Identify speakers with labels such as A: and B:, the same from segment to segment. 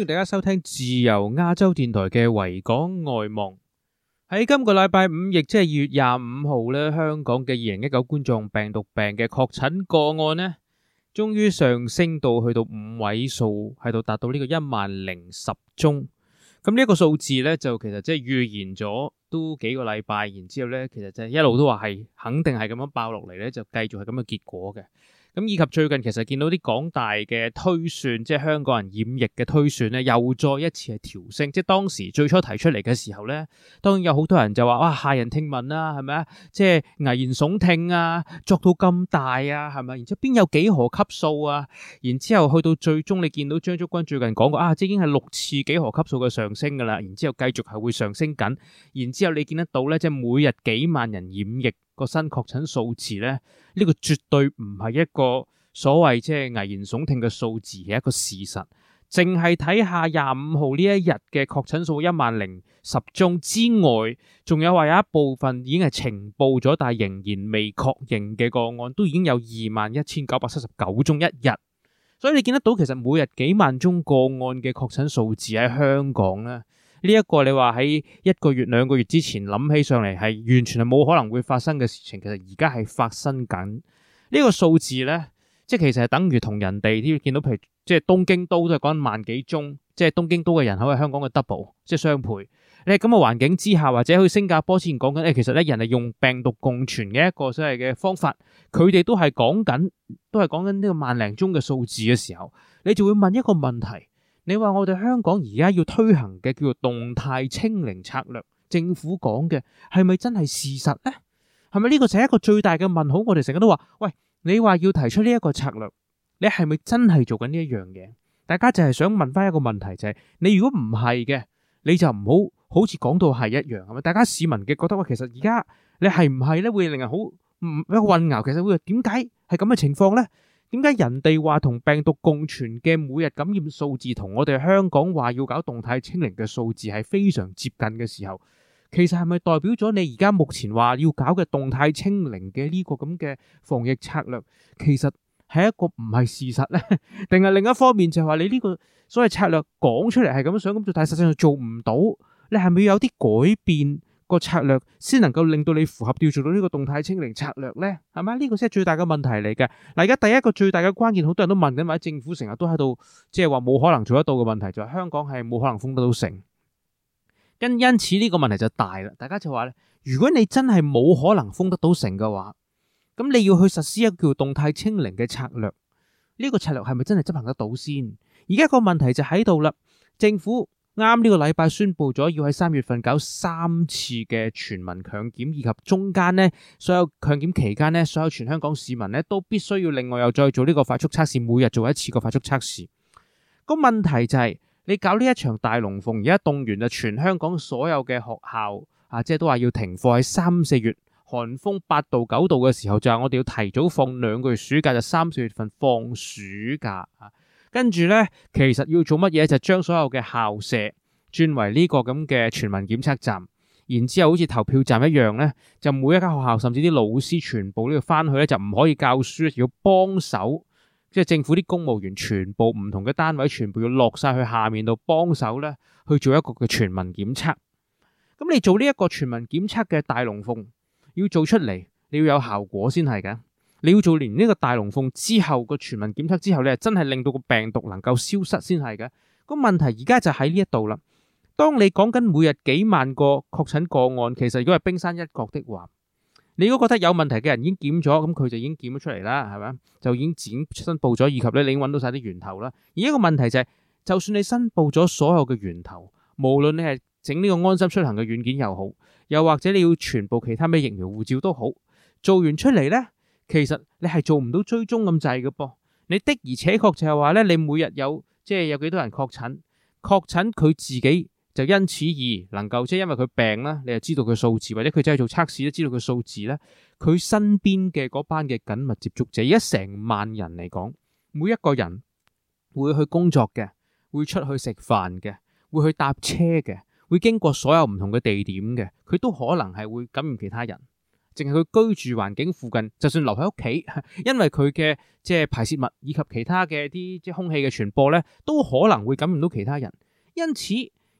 A: 歡迎大家收聽自由亞洲電台嘅維港外望。喺今個禮拜五，亦即係二月廿五號呢，香港嘅二零一九冠狀病毒病嘅確診個案呢，終於上升到去到五位數，係度達到呢個一萬零十宗。咁呢一個數字呢，就其實即係預言咗都幾個禮拜，然之後咧，其實即係一路都話係肯定係咁樣爆落嚟，呢就繼續係咁嘅結果嘅。咁以及最近其實見到啲港大嘅推算，即係香港人染疫嘅推算咧，又再一次係調升。即係當時最初提出嚟嘅時候咧，當然有好多人就話：哇，駭人聽聞啦，係咪啊？即係危言聳聽啊，作到咁大啊，係咪？然之後邊有幾何級數啊？然之後去到最終，你見到張竹君最近講過：啊，即已經係六次幾何級數嘅上升㗎啦。然之後繼續係會上升緊。然之後你見得到咧，即係每日幾萬人染疫。個新確診數字呢，呢、這個絕對唔係一個所謂即係危言聳聽嘅數字，係一個事實。淨係睇下廿五號呢一日嘅確診數一萬零十宗之外，仲有話有一部分已經係呈報咗，但係仍然未確認嘅個案，都已經有二萬一千九百七十九宗一日。所以你見得到其實每日幾萬宗個案嘅確診數字喺香港咧。呢一個你話喺一個月兩個月之前諗起上嚟係完全係冇可能會發生嘅事情，其實而家係發生緊。這個、數呢個數字咧，即係其實係等於同人哋啲見到，譬如即係東京都都係講緊萬幾宗，即係東京都嘅人口係香港嘅 double，即係雙倍。喺咁嘅環境之下，或者去新加坡之前講緊，誒、哎、其實咧人係用病毒共存嘅一個所謂嘅方法，佢哋都係講緊，都係講緊呢個萬零宗嘅數字嘅時候，你就會問一個問題。你話我哋香港而家要推行嘅叫做動態清零策略，政府講嘅係咪真係事實呢？係咪呢個就係一個最大嘅問號？我哋成日都話，喂，你話要提出呢一個策略，你係咪真係做緊呢一樣嘢？大家就係想問翻一個問題，就係、是、你如果唔係嘅，你就唔好好似講到係一樣，係咪？大家市民嘅覺得，喂，其實而家你係唔係咧，會令人好混淆，其實會點解係咁嘅情況呢？」點解人哋話同病毒共存嘅每日感染數字同我哋香港話要搞動態清零嘅數字係非常接近嘅時候，其實係咪代表咗你而家目前話要搞嘅動態清零嘅呢個咁嘅防疫策略，其實係一個唔係事實咧？定係另一方面就係話你呢個所謂策略講出嚟係咁想咁做，但係實際上做唔到，你係咪要有啲改變？個策略先能夠令到你符合要做到呢個動態清零策略咧，係咪呢個先係最大嘅問題嚟嘅？嗱，而家第一個最大嘅關鍵，好多人都問緊話，政府成日都喺度，即係話冇可能做得到嘅問題，就係香港係冇可能封得到城，跟因此呢個問題就大啦。大家就話咧，如果你真係冇可能封得到城嘅話，咁你要去實施一個叫動態清零嘅策略，呢個策略係咪真係執行得到先？而家個問題就喺度啦，政府。啱呢個禮拜宣布咗要喺三月份搞三次嘅全民強檢，以及中間呢所有強檢期間呢，所有全香港市民呢都必須要另外又再做呢個快速測試，每日做一次個快速測試。個問題就係你搞呢一場大龍鳳，而家動員啊全香港所有嘅學校啊，即係都話要停課喺三四月寒風八度九度嘅時候，就係我哋要提早放兩個月暑假就，就三四月份放暑假啊。跟住呢，其實要做乜嘢就將所有嘅校舍轉為呢個咁嘅全民檢測站，然之後好似投票站一樣呢，就每一間學校甚至啲老師全部都要翻去呢，就唔可以教書，要幫手，即係政府啲公務員全部唔同嘅單位全部要落晒去下面度幫手呢，去做一個嘅全民檢測。咁你做呢一個全民檢測嘅大龍鳳要做出嚟，你要有效果先係㗎。你要做連呢個大龍鳳之後個全民檢測之後咧，是真係令到個病毒能夠消失先係嘅。個問題而家就喺呢一度啦。當你講緊每日幾萬個確診個案，其實如果係冰山一角的話，你如果覺得有問題嘅人已經檢咗，咁佢就已經檢咗出嚟啦，係咪？就已經展申報咗，以及咧你已經揾到晒啲源頭啦。而一個問題就係、是，就算你申報咗所有嘅源頭，無論你係整呢個安心出行嘅軟件又好，又或者你要填報其他咩疫苗護照都好，做完出嚟呢。其實你係做唔到追蹤咁滯嘅噃，你的而且確就係話咧，你每日有即係有幾多人確診，確診佢自己就因此而能夠即係因為佢病啦，你就知道佢數字，或者佢真係做測試都知道佢數字咧，佢身邊嘅嗰班嘅緊密接觸者，而家成萬人嚟講，每一個人會去工作嘅，會出去食飯嘅，會去搭車嘅，會經過所有唔同嘅地點嘅，佢都可能係會感染其他人。淨係佢居住環境附近，就算留喺屋企，因為佢嘅即係排泄物以及其他嘅啲即係空氣嘅傳播咧，都可能會感染到其他人。因此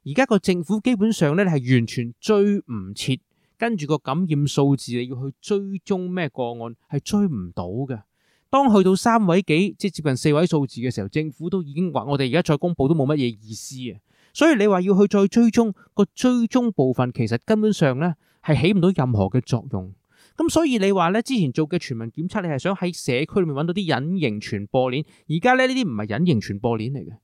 A: 而家個政府基本上咧係完全追唔切，跟住個感染數字你要去追蹤咩個案係追唔到㗎。當去到三位幾，即接近四位數字嘅時候，政府都已經話我哋而家再公布都冇乜嘢意思啊。所以你話要去再追蹤個追蹤部分，其實根本上咧係起唔到任何嘅作用。咁所以你話咧，之前做嘅全民檢測，你係想喺社區裏面揾到啲隱形傳播鏈，而家咧呢啲唔係隱形傳播鏈嚟嘅。呢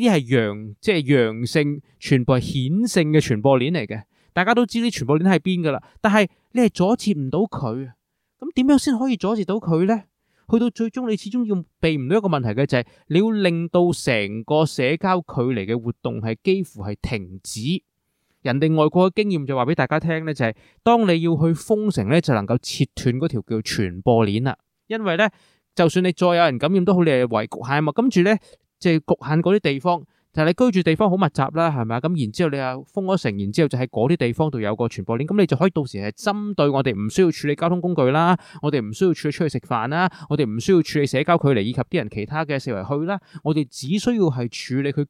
A: 啲係陽即係陽性全部，係顯性嘅傳播鏈嚟嘅。大家都知啲傳播鏈喺邊噶啦，但係你係阻止唔到佢。咁點樣先可以阻止到佢咧？去到最終，你始終要避唔到一個問題嘅就係、是，你要令到成個社交距離嘅活動係幾乎係停止。人哋外國嘅經驗就話俾大家聽呢，就係當你要去封城呢，就能夠切斷嗰條叫傳播鏈啦。因為呢，就算你再有人感染都好，你係圍局限嘛。跟住呢，就係局限嗰啲地方。但係你居住地方好密集啦，係咪啊？咁然之後你又封咗城，然之後就喺嗰啲地方度有個傳播鏈，咁你就可以到時係針對我哋唔需要處理交通工具啦，我哋唔需要處理出去食飯啦，我哋唔需要處理社交距離以及啲人其他嘅四圍去啦，我哋只需要係處理佢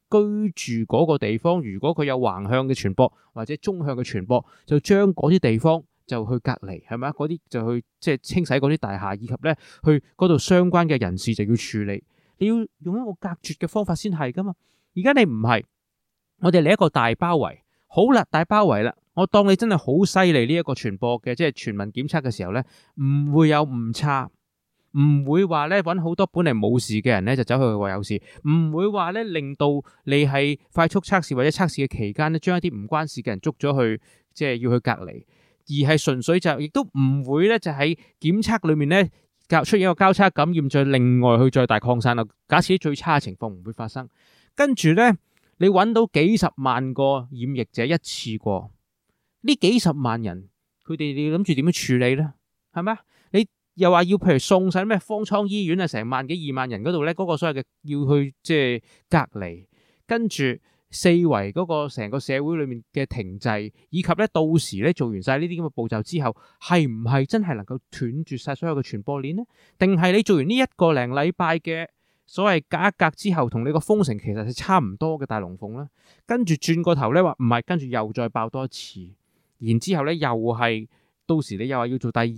A: 居住嗰個地方。如果佢有橫向嘅傳播或者縱向嘅傳播，就將嗰啲地方就去隔離，係咪啊？嗰啲就去即係、就係、清洗嗰啲大廈，以及咧去嗰度相關嘅人士就要處理。你要用一個隔絕嘅方法先係㗎嘛？而家你唔係我哋嚟一個大包圍，好啦，大包圍啦。我當你真係好犀利呢一個傳播嘅，即係全民檢測嘅時候呢，唔會有誤差，唔會話呢揾好多本嚟冇事嘅人呢就走去話有事，唔會話呢令到你係快速測試或者測試嘅期間呢，將一啲唔關事嘅人捉咗去，即係要去隔離，而係純粹就亦都唔會呢就喺檢測裏面呢，出現一個交叉感染，再另外去再大擴散咯。假設最差嘅情況唔會發生。跟住呢，你揾到幾十萬個染疫者一次過，呢幾十萬人，佢哋你諗住點樣處理呢？係咪？你又話要譬如送晒咩方艙醫院啊，成萬幾二萬人嗰度呢，嗰、嗰個所有嘅要去即係隔離，跟住四圍嗰個成個社會裏面嘅停滯，以及呢到時呢做完晒呢啲咁嘅步驟之後，係唔係真係能夠斷絕晒所有嘅傳播鏈呢？定係你做完呢一個零禮拜嘅？所謂隔一隔之後同你個封城其實係差唔多嘅大龍鳳啦，跟住轉個頭咧話唔係，跟住又再爆多一次然，然之後咧又係到時你又話要做第二次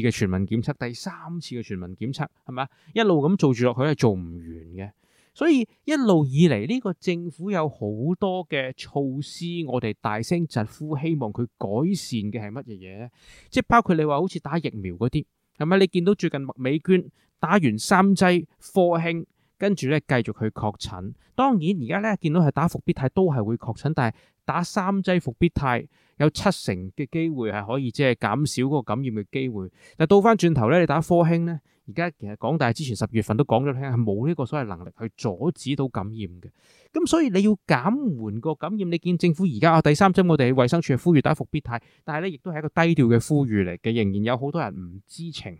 A: 嘅全民檢測，第三次嘅全民檢測係咪啊？一路咁做住落去係做唔完嘅，所以一路以嚟呢個政府有好多嘅措施，我哋大聲疾呼，希望佢改善嘅係乜嘢嘢咧？即係包括你話好似打疫苗嗰啲係咪？你見到最近麥美娟？打完三劑科興，跟住咧繼續去確診。當然而家咧見到係打復必泰都係會確診，但係打三劑復必泰有七成嘅機會係可以即係減少嗰個感染嘅機會。但係倒翻轉頭咧，你打科興咧，而家其實港大之前十月份都講咗咧，係冇呢個所謂能力去阻止到感染嘅。咁所以你要減緩個感染，你見政府而家啊第三針，我哋喺衞生署呼籲打復必泰，但係咧亦都係一個低調嘅呼籲嚟嘅，仍然有好多人唔知情。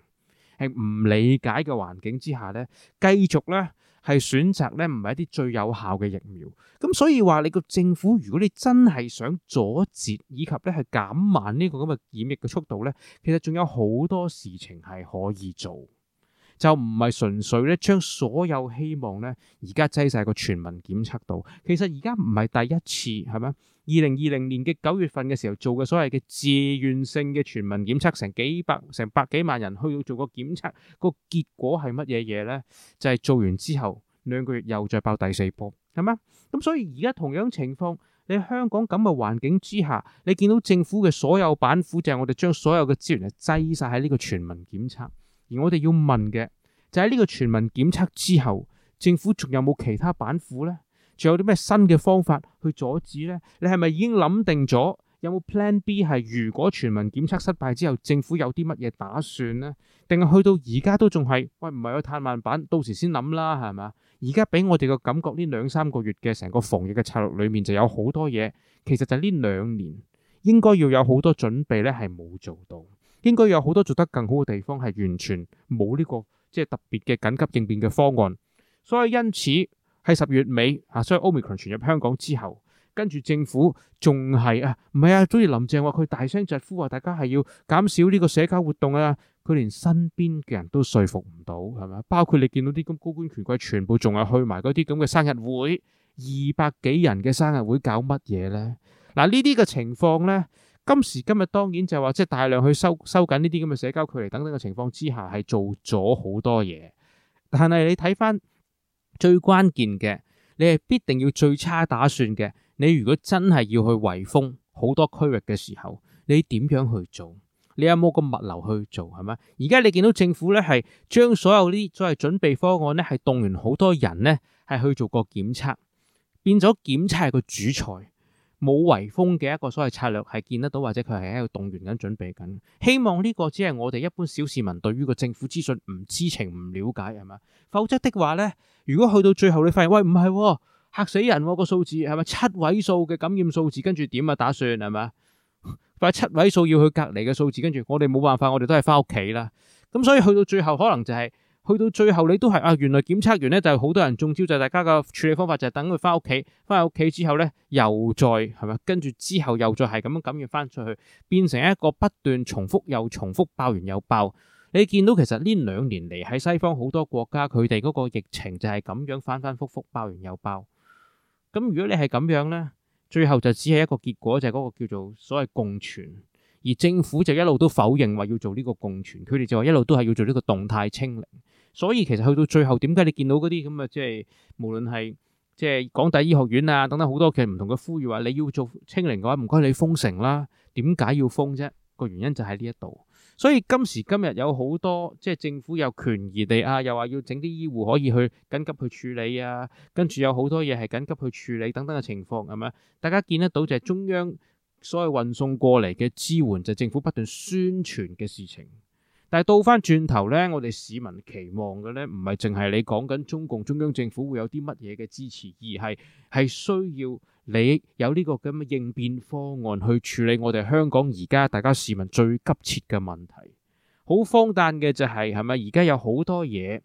A: 喺唔理解嘅環境之下咧，繼續咧係選擇咧唔係一啲最有效嘅疫苗，咁所以話你個政府，如果你真係想阻截以及咧係減慢呢個咁嘅染疫嘅速度咧，其實仲有好多事情係可以做。就唔係純粹咧，將所有希望咧，而家擠晒個全民檢測度。其實而家唔係第一次，係咪？二零二零年嘅九月份嘅時候做嘅所謂嘅自願性嘅全民檢測，成幾百、成百幾萬人去做個檢測，個結果係乜嘢嘢咧？就係做完之後兩個月又再爆第四波，係咪？咁所以而家同樣情況，你香港咁嘅環境之下，你見到政府嘅所有板斧就係我哋將所有嘅資源係擠晒喺呢個全民檢測。而我哋要問嘅就喺呢個全民檢測之後，政府仲有冇其他板斧咧？仲有啲咩新嘅方法去阻止咧？你係咪已經諗定咗？有冇 Plan B 係如果全民檢測失敗之後，政府有啲乜嘢打算咧？定係去到而家都仲係喂唔係有嘆慢板，到時先諗啦，係咪？而家俾我哋個感覺，呢兩三個月嘅成個防疫嘅策略裡面就有好多嘢，其實就呢兩年應該要有好多準備咧，係冇做到。應該有好多做得更好嘅地方，係完全冇呢個即係特別嘅緊急應變嘅方案，所以因此喺十月尾啊，所以 Omicron 傳入香港之後，跟住政府仲係啊，唔係啊，縱然林鄭話佢大聲疾呼話大家係要減少呢個社交活動啊，佢連身邊嘅人都說服唔到係咪？包括你見到啲咁高官權貴全部仲係去埋嗰啲咁嘅生日會，二百幾人嘅生日會搞乜嘢咧？嗱呢啲嘅情況咧。今時今日當然就話即係大量去收收緊呢啲咁嘅社交距離等等嘅情況之下係做咗好多嘢，但係你睇翻最關鍵嘅，你係必定要最差打算嘅。你如果真係要去圍封好多區域嘅時候，你點樣去做？你有冇個物流去做係咪？而家你見到政府呢，係將所有呢所謂準備方案呢係動員好多人呢係去做個檢測，變咗檢測係個主菜。冇圍封嘅一個所謂策略係見得到，或者佢係喺度動員緊、準備緊。希望呢個只係我哋一般小市民對於個政府資訊唔知情、唔了解，係咪？否則的話呢，如果去到最後你發現喂唔係、啊，嚇死人個、啊、數字係咪七位數嘅感染數字？跟住點啊打算係咪？或 七位數要去隔離嘅數字，跟住我哋冇辦法，我哋都係翻屋企啦。咁所以去到最後可能就係、是。去到最後，你都係啊，原來檢測完呢，就係、是、好多人中招，就係大家個處理方法就係等佢翻屋企，翻屋企之後呢，又再係咪？跟住之後又再係咁樣感染翻出去，變成一個不斷重複又重複，爆完又爆。你見到其實呢兩年嚟喺西方好多國家佢哋嗰個疫情就係咁樣反反覆覆，爆完又爆。咁如果你係咁樣呢，最後就只係一個結果就係、是、嗰個叫做所謂共存，而政府就一路都否認話要做呢個共存，佢哋就話一路都係要做呢個動態清零。所以其實去到最後，點解你見到嗰啲咁嘅，即係無論係即係港大醫學院啊等等好多，其實唔同嘅呼籲話你要做清零嘅話，唔該你封城啦。點解要封啫？個原因就喺呢一度。所以今時今日有好多即係政府有權宜地啊，又話要整啲醫護可以去緊急去處理啊，跟住有好多嘢係緊急去處理等等嘅情況係咪？大家見得到就係中央所謂運送過嚟嘅支援，就政府不斷宣傳嘅事情。但係倒翻轉頭咧，我哋市民期望嘅咧，唔係淨係你講緊中共中央政府會有啲乜嘢嘅支持，而係係需要你有呢個咁嘅應變方案去處理我哋香港而家大家市民最急切嘅問題。好荒誕嘅就係係咪而家有好多嘢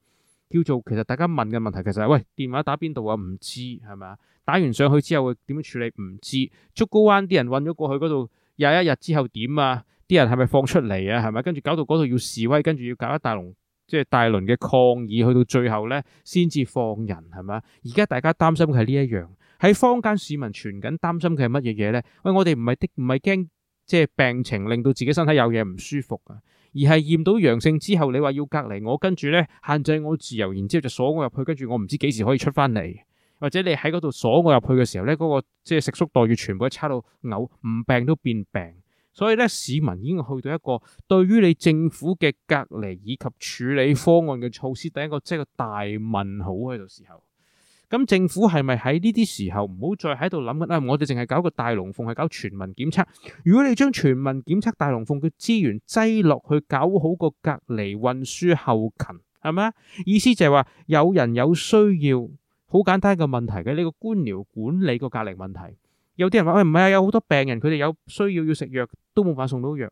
A: 叫做其實大家問嘅問題，其實係喂，電話打邊度啊？唔知係咪啊？打完上去之後會點樣處理唔知？竹篙灣啲人運咗過去嗰度廿一日之後點啊？啲人係咪放出嚟啊？係咪？跟住搞到嗰度要示威，跟住要搞一大輪，即係大輪嘅抗議，去到最後咧，先至放人，係咪？而家大家擔心嘅係呢一樣，喺坊間市民傳緊擔心嘅係乜嘢嘢咧？喂，我哋唔係的唔係驚即係病情令到自己身體有嘢唔舒服啊，而係驗到陽性之後，你話要隔離，我跟住咧限制我自由，然之後就鎖我入去，跟住我唔知幾時可以出翻嚟，或者你喺嗰度鎖我入去嘅時候咧，嗰個即係食宿待遇全部都差到嘔，唔病都變病。所以咧，市民已經去到一個對於你政府嘅隔離以及處理方案嘅措施，第一個即係個大問號喺度時候。咁政府係咪喺呢啲時候唔好再喺度諗緊啦？我哋淨係搞個大龍鳳，係搞全民檢測。如果你將全民檢測大龍鳳嘅資源擠落去搞好個隔離運輸後勤，係咪？意思就係話有人有需要，好簡單嘅問題嘅呢個官僚管理個隔離問題。有啲人話，喂，唔係啊，有好多病人佢哋有需要要食藥都冇辦法送到藥，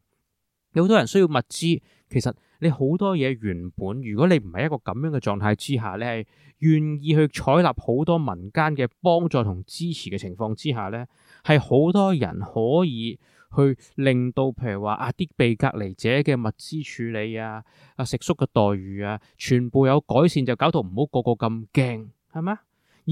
A: 有好多人需要物資。其實你好多嘢原本，如果你唔係一個咁樣嘅狀態之下，你係願意去採納好多民間嘅幫助同支持嘅情況之下咧，係好多人可以去令到譬如話啊啲被隔離者嘅物資處理啊、啊食宿嘅待遇啊，全部有改善，就搞到唔好個個咁驚，係咪？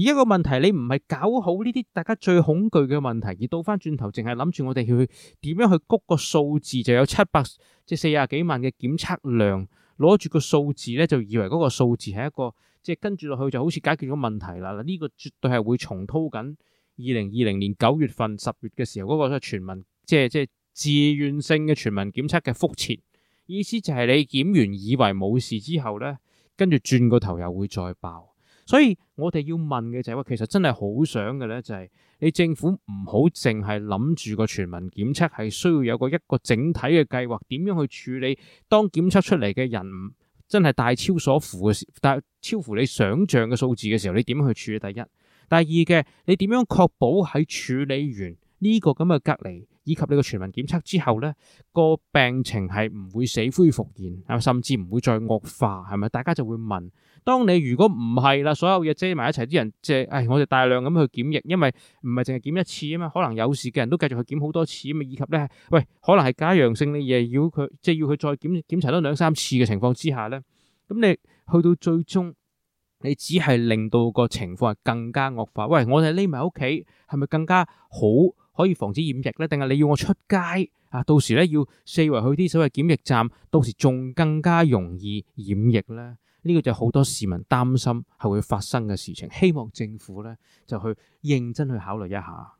A: 而一個問題，你唔係搞好呢啲大家最恐懼嘅問題，而到翻轉頭，淨係諗住我哋要點樣去谷個數字，就有七百即係四廿幾萬嘅檢測量，攞住個數字咧，就以為嗰個數字係一個即係、就是、跟住落去就好似解決咗問題啦。呢、這個絕對係會重蹈緊二零二零年九月份、十月嘅時候嗰、那個全民即係即係自願性嘅全民檢測嘅覆轍，意思就係你檢完以為冇事之後咧，跟住轉個頭又會再爆。所以我哋要問嘅就係話，其實真係好想嘅咧，就係你政府唔好淨係諗住個全民檢測係需要有個一個整體嘅計劃，點樣去處理。當檢測出嚟嘅人真係大超所乎嘅，大超乎你想象嘅數字嘅時候，你點樣去處理？第一、第二嘅，你點樣確保喺處理完呢個咁嘅隔離以及你個全民檢測之後咧，個病情係唔會死灰復燃，甚至唔會再惡化？係咪？大家就會問。當你如果唔係啦，所有嘢，遮埋一齊，啲人即係，誒，我哋大量咁去檢疫，因為唔係淨係檢一次啊嘛，可能有事嘅人都繼續去檢好多次啊嘛，以及咧，喂，可能係假陽性嘅嘢，要佢即係要佢再檢檢查多兩三次嘅情況之下咧，咁你去到最終，你只係令到個情況係更加惡化。喂，我哋匿埋屋企係咪更加好，可以防止染疫咧？定係你要我出街啊？到時咧要四圍去啲所謂檢疫站，到時仲更加容易染疫咧？呢個就好多市民擔心係會發生嘅事情，希望政府呢就去認真去考慮一下。